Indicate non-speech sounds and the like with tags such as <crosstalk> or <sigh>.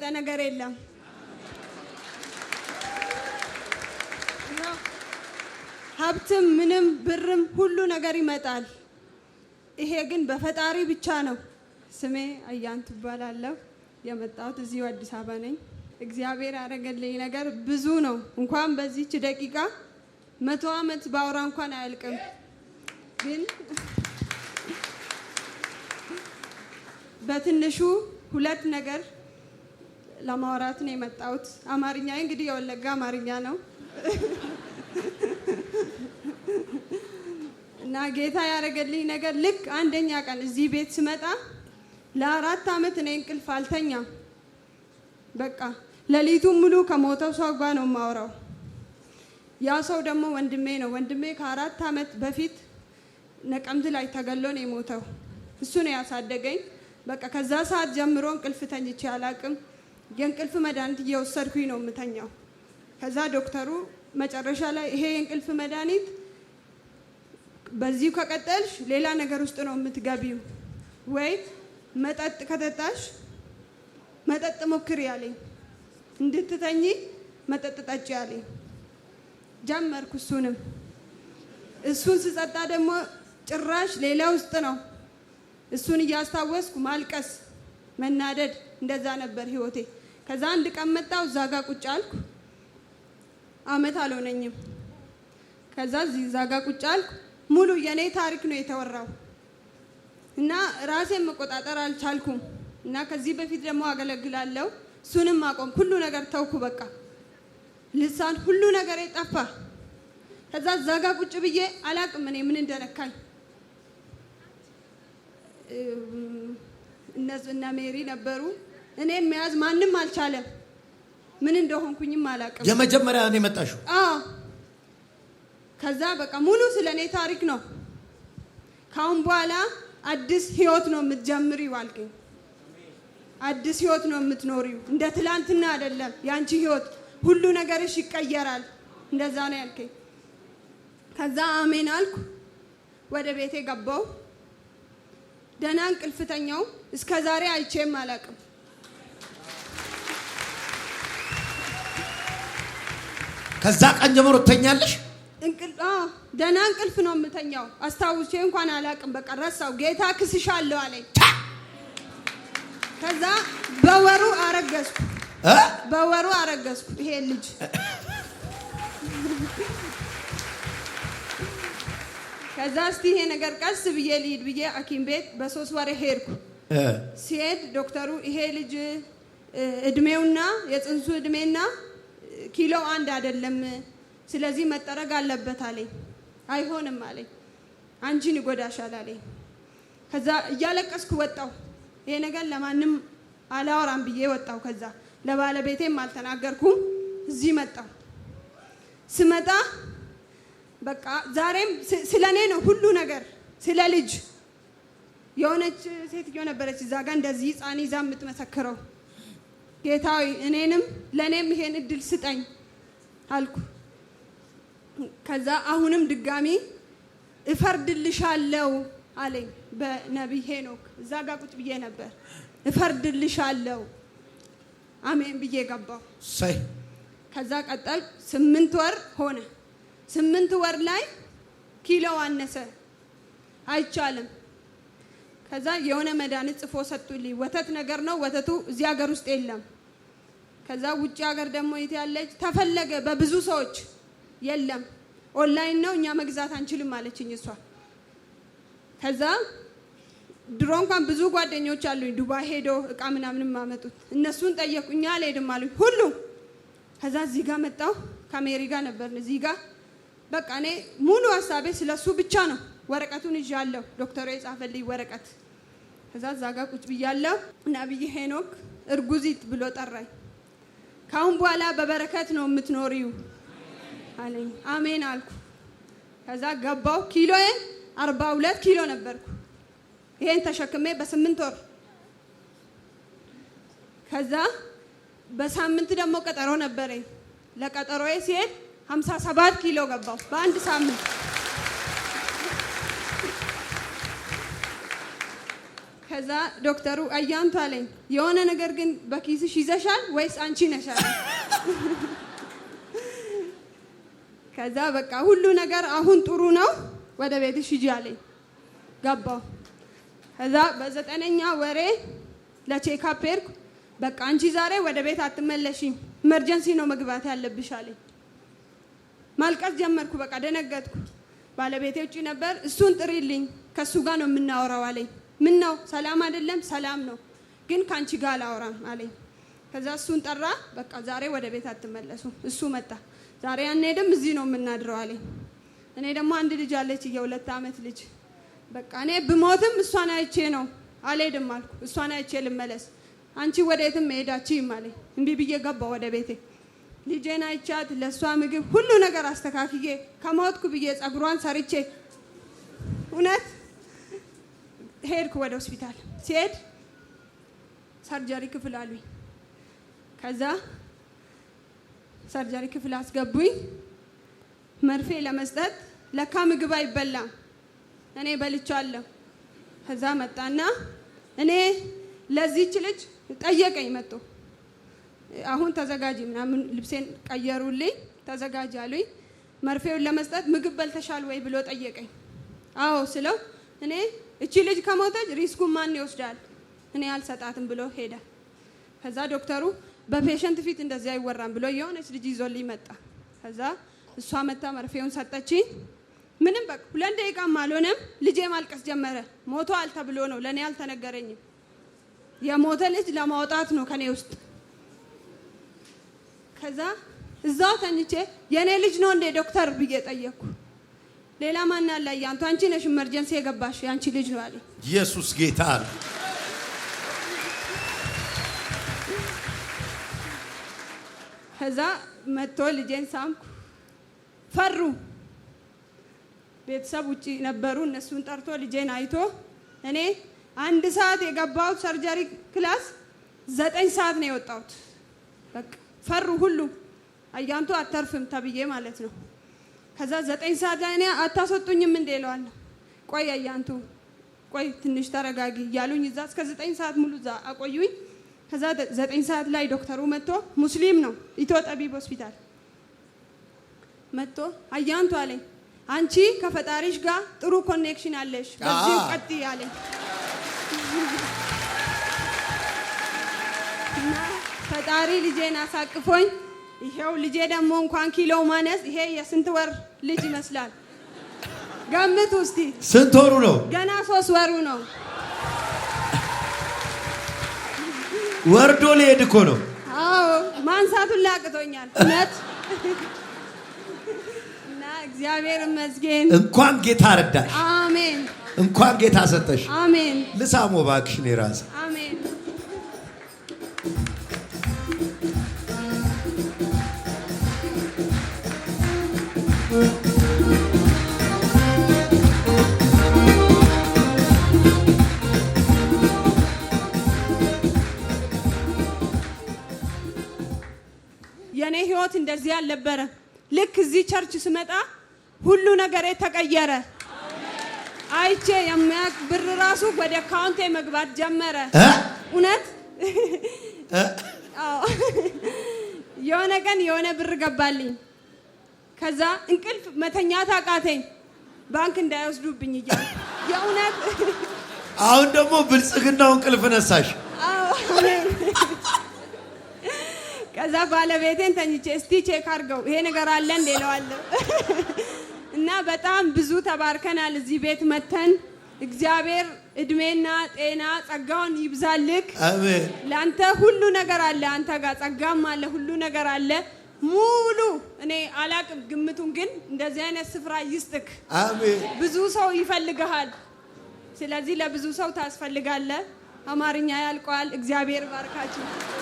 የተገለጠ ነገር የለም። ሀብትም ምንም ብርም ሁሉ ነገር ይመጣል። ይሄ ግን በፈጣሪ ብቻ ነው። ስሜ አያን ትባላለሁ። የመጣሁት እዚሁ አዲስ አበባ ነኝ። እግዚአብሔር ያደረገልኝ ነገር ብዙ ነው። እንኳን በዚች ደቂቃ መቶ ዓመት ባውራ እንኳን አያልቅም። ግን በትንሹ ሁለት ነገር ለማውራት ነው የመጣሁት። አማርኛ እንግዲህ የወለጋ አማርኛ ነው እና ጌታ ያደረገልኝ ነገር ልክ አንደኛ ቀን እዚህ ቤት ስመጣ ለአራት ዓመት እኔ እንቅልፍ አልተኛ። በቃ ሌሊቱን ሙሉ ከሞተው ሰው ጋር ነው የማወራው። ያ ሰው ደግሞ ወንድሜ ነው። ወንድሜ ከአራት ዓመት በፊት ነቀምት ላይ ተገሎ ነው የሞተው። እሱ ነው ያሳደገኝ። በቃ ከዛ ሰዓት ጀምሮ እንቅልፍ ተኝቼ አላቅም። የእንቅልፍ መድኃኒት እየወሰድኩኝ ነው የምተኛው። ከዛ ዶክተሩ መጨረሻ ላይ ይሄ የእንቅልፍ መድኃኒት በዚሁ ከቀጠልሽ ሌላ ነገር ውስጥ ነው የምትገቢው፣ ወይ መጠጥ ከጠጣሽ መጠጥ ሞክር ያለኝ፣ እንድትተኝ መጠጥ ጠጭ ያለኝ። ጀመርኩ እሱንም። እሱን ስጠጣ ደግሞ ጭራሽ ሌላ ውስጥ ነው። እሱን እያስታወስኩ ማልቀስ፣ መናደድ፣ እንደዛ ነበር ህይወቴ። ከዛ አንድ ቀን መጣሁ፣ እዛ ጋ ቁጭ አልኩ። አመት አልሆነኝም። ከዛ እዚህ እዛ ጋ ቁጭ አልኩ። ሙሉ የኔ ታሪክ ነው የተወራው እና ራሴን መቆጣጠር አልቻልኩም። እና ከዚህ በፊት ደግሞ አገለግላለሁ፣ እሱንም አቆም ሁሉ ነገር ተውኩ። በቃ ልሳን ሁሉ ነገር የጠፋ ከዛ እዛ ጋ ቁጭ ብዬ አላቅም እኔ ምን እንደነካኝ እነ ሜሪ ነበሩ እኔን መያዝ ማንም አልቻለም። ምን እንደሆንኩኝም አላውቅም። የመጀመሪያ እኔ መጣሽ። ከዛ በቃ ሙሉ ስለ እኔ ታሪክ ነው። ካሁን በኋላ አዲስ ህይወት ነው የምትጀምሪው አልከኝ። አዲስ ህይወት ነው የምትኖሪው፣ እንደ ትላንትና አይደለም የአንቺ ህይወት። ሁሉ ነገርሽ ይቀየራል፣ እንደዛ ነው ያልከኝ። ከዛ አሜን አልኩ። ወደ ቤቴ ገባው። ደህና እንቅልፍተኛው እስከ ዛሬ አይቼም አላውቅም። ከዛ ቀን ጀምሮ ትተኛለሽ? ደህና እንቅልፍ ነው የምተኛው። አስታውሼ እንኳን አላውቅም። በቃ ረሳው። ጌታ ክስሻለሁ አለኝ። ከዛ በወሩ አረገዝኩ። በወሩ አረገዝኩ። ይሄ ልጅ ከዛ እስቲ ይሄ ነገር ቀስ ብዬ ልሂድ ብዬ ሐኪም ቤት በሶስት ወር ሄድኩ። ሲሄድ ዶክተሩ ይሄ ልጅ እድሜውና የጽንሱ እድሜና ኪሎ አንድ አይደለም፣ ስለዚህ መጠረግ አለበት አለኝ። አይሆንም አለኝ፣ አንቺን ይጎዳሻል አለኝ። ከዛ እያለቀስኩ ወጣው። ይሄ ነገር ለማንም አላወራም ብዬ ወጣው። ከዛ ለባለቤቴም አልተናገርኩም። እዚህ መጣው። ስመጣ በቃ ዛሬም ስለ እኔ ነው ሁሉ ነገር። ስለ ልጅ የሆነች ሴትዮ ነበረች እዛ ጋ እንደዚህ ህፃን ይዛ የምትመሰክረው ጌታዊ እኔንም ለእኔም ይሄን እድል ስጠኝ አልኩ። ከዛ አሁንም ድጋሚ እፈርድልሻለው አለኝ በነቢይ ሄኖክ። እዛ ጋ ቁጭ ብዬ ነበር። እፈርድልሻለው አሜን ብዬ ገባው ከዛ ቀጠል ስምንት ወር ሆነ። ስምንት ወር ላይ ኪሎ አነሰ። አይቻልም ከዛ የሆነ መድኃኒት ጽፎ ሰጡልኝ። ወተት ነገር ነው። ወተቱ እዚህ ሀገር ውስጥ የለም። ከዛ ውጭ ሀገር ደግሞ የት ያለች ተፈለገ በብዙ ሰዎች የለም። ኦንላይን ነው እኛ መግዛት አንችልም አለችኝ እሷ። ከዛ ድሮ እንኳን ብዙ ጓደኞች አሉኝ ዱባይ ሄዶ እቃ ምናምን ማመጡት እነሱን ጠየቁ። እኛ አልሄድም አሉኝ ሁሉ። ከዛ እዚህ ጋር መጣሁ። ከአሜሪካ ነበር እዚህ ጋር በቃ እኔ ሙሉ ሀሳቤ ስለሱ ብቻ ነው። ወረቀቱን ይዣለሁ። ዶክተሩ የጻፈልኝ ወረቀት ከዛ እዛ ጋር ቁጭ ብያለሁ። ነብይ ሄኖክ እርጉዚት ብሎ ጠራኝ። ካሁን በኋላ በበረከት ነው የምትኖሪው አለኝ። አሜን አልኩ። ከዛ ገባው። ኪሎዬ አርባ ሁለት ኪሎ ነበርኩ። ይሄን ተሸክሜ በስምንት ወር ከዛ በሳምንት ደግሞ ቀጠሮ ነበረኝ። ለቀጠሮዬ ሲሄድ ሀምሳ ሰባት ኪሎ ገባው በአንድ ሳምንት ከዛ ዶክተሩ አያንቱ አለኝ የሆነ ነገር ግን በኪስሽ ይዘሻል ወይስ አንቺ ነሻል? ከዛ በቃ ሁሉ ነገር አሁን ጥሩ ነው፣ ወደ ቤትሽ ሂጂ አለኝ። ገባሁ። ከዛ በዘጠነኛ ወሬ ለቼካፕ ሄድኩ። በቃ አንቺ ዛሬ ወደ ቤት አትመለሽም፣ ኢመርጀንሲ ነው መግባት ያለብሽ አለኝ። ማልቀስ ጀመርኩ። በቃ ደነገጥኩ። ባለቤቴ ውጭ ነበር። እሱን ጥሪልኝ፣ ከእሱ ጋር ነው የምናወራው አለኝ። ምን ነው ሰላም አይደለም? ሰላም ነው፣ ግን ከአንቺ ጋር አላወራም አለኝ። ከዛ እሱን ጠራ። በቃ ዛሬ ወደ ቤት አትመለሱ። እሱ መጣ። ዛሬ አንሄድም፣ እዚህ ነው የምናድረው አለኝ። እኔ ደግሞ አንድ ልጅ አለች፣ የሁለት ዓመት ልጅ። በቃ እኔ ብሞትም እሷን አይቼ ነው አልሄድም አልኩ። እሷን አይቼ ልመለስ። አንቺ ወደ የትም መሄዳችም አለኝ። እንቢ ብዬ ገባ ወደ ቤቴ። ልጄን አይቻት፣ ለእሷ ምግብ ሁሉ ነገር አስተካክዬ ከሞትኩ ብዬ ጸጉሯን ሰርቼ ሄድኩ ወደ ሆስፒታል። ሲሄድ ሰርጀሪ ክፍል አሉኝ። ከዛ ሰርጀሪ ክፍል አስገቡኝ። መርፌ ለመስጠት ለካ ምግብ አይበላም። እኔ በልቻለሁ። ከዛ መጣና እኔ ለዚች ልጅ ጠየቀኝ መጡ አሁን ተዘጋጂ ምናምን ልብሴን ቀየሩልኝ። ተዘጋጅ አሉኝ። መርፌውን ለመስጠት ምግብ በልተሻል ወይ ብሎ ጠየቀኝ። አዎ ስለው እኔ እቺ ልጅ ከሞተች ሪስኩን ማን ይወስዳል? እኔ አልሰጣትም ብሎ ሄደ። ከዛ ዶክተሩ በፔሸንት ፊት እንደዚህ አይወራም ብሎ የሆነች ልጅ ይዞልኝ መጣ። ከዛ እሷ መታ መርፌውን ሰጠችኝ። ምንም በቃ ሁለት ደቂቃም አልሆነም ልጄ ማልቀስ ጀመረ። ሞቷል ተብሎ ነው ለእኔ አልተነገረኝም። የሞተ ልጅ ለማውጣት ነው ከኔ ውስጥ። ከዛ እዛው ተኝቼ የእኔ ልጅ ነው እንዴ ዶክተር ብዬ ጠየቅኩ። ሌላ ማን አለ? ያንቱ አንቺ ነሽ ኢመርጀንሲ የገባሽ ያንቺ ልጅ ነው አለ ኢየሱስ ጌታ። ከዛ መጥቶ ልጄን ሳምኩ። ፈሩ። ቤተሰብ ውጭ ነበሩ። እነሱን ጠርቶ ልጄን አይቶ እኔ አንድ ሰዓት የገባሁት ሰርጀሪ ክላስ ዘጠኝ ሰዓት ነው የወጣሁት። ፈሩ ሁሉ አያንቱ አተርፍም ተብዬ ማለት ነው። ከዛ ዘጠኝ ሰዓት ላይ እኔ አታስወጡኝም እንዴ እለዋለሁ። ቆይ አያንቱ ቆይ ትንሽ ተረጋጊ እያሉኝ እዛ እስከ ዘጠኝ ሰዓት ሙሉ እዛ አቆዩኝ። ከዛ ዘጠኝ ሰዓት ላይ ዶክተሩ መጥቶ ሙስሊም ነው ኢትዮ ጠቢብ ሆስፒታል መጥቶ አያንቱ አለኝ አንቺ ከፈጣሪሽ ጋር ጥሩ ኮኔክሽን አለሽ፣ በዚህ ቀጥ አለኝ። <laughs> ፈጣሪ ልጄን አሳቅፎኝ ይሄው ልጄ ደግሞ እንኳን ኪሎ ማነስ ይሄ የስንት ወር ልጅ ይመስላል? ገምት ውስቲ ስንት ወሩ ነው? ገና ሶስት ወሩ ነው። ወርዶ ሊሄድ እኮ ነው። አዎ ማንሳቱን ላቅቶኛል እውነት። እና እግዚአብሔር ይመስገን እንኳን ጌታ ረዳሽ። አሜን። እንኳን ጌታ ሰጠሽ። አሜን። ልሳሞ እባክሽ እኔ እራሴ የኔ ህይወት እንደዚህ አልነበረ። ልክ እዚህ ቸርች ስመጣ ሁሉ ነገሬ ተቀየረ። አይቼ የሚያውቅ ብር ራሱ ወደ አካውንቴ መግባት ጀመረ። እውነት የሆነ ቀን የሆነ ብር ገባልኝ። ከዛ እንቅልፍ መተኛት አቃተኝ። ባንክ እንዳይወስዱብኝ እያለ የእውነት <laughs> አሁን ደግሞ ብልጽግናው እንቅልፍ ነሳሽ። ከዛ ባለቤቴን ተኝቼ እስቲ ቼክ አድርገው ይሄ ነገር አለ እንዴ እለዋለሁ። እና በጣም ብዙ ተባርከናል። እዚህ ቤት መተን እግዚአብሔር እድሜና ጤና ጸጋውን ይብዛልክ። አሜን። ለአንተ ሁሉ ነገር አለ። አንተ ጋር ጸጋም አለ፣ ሁሉ ነገር አለ። ሙሉ እኔ አላቅም ግምቱን፣ ግን እንደዚህ አይነት ስፍራ ይስጥክ። አሜን። ብዙ ሰው ይፈልግሃል። ስለዚህ ለብዙ ሰው ታስፈልጋለህ። አማርኛ ያልቀዋል። እግዚአብሔር ባርካችሁ።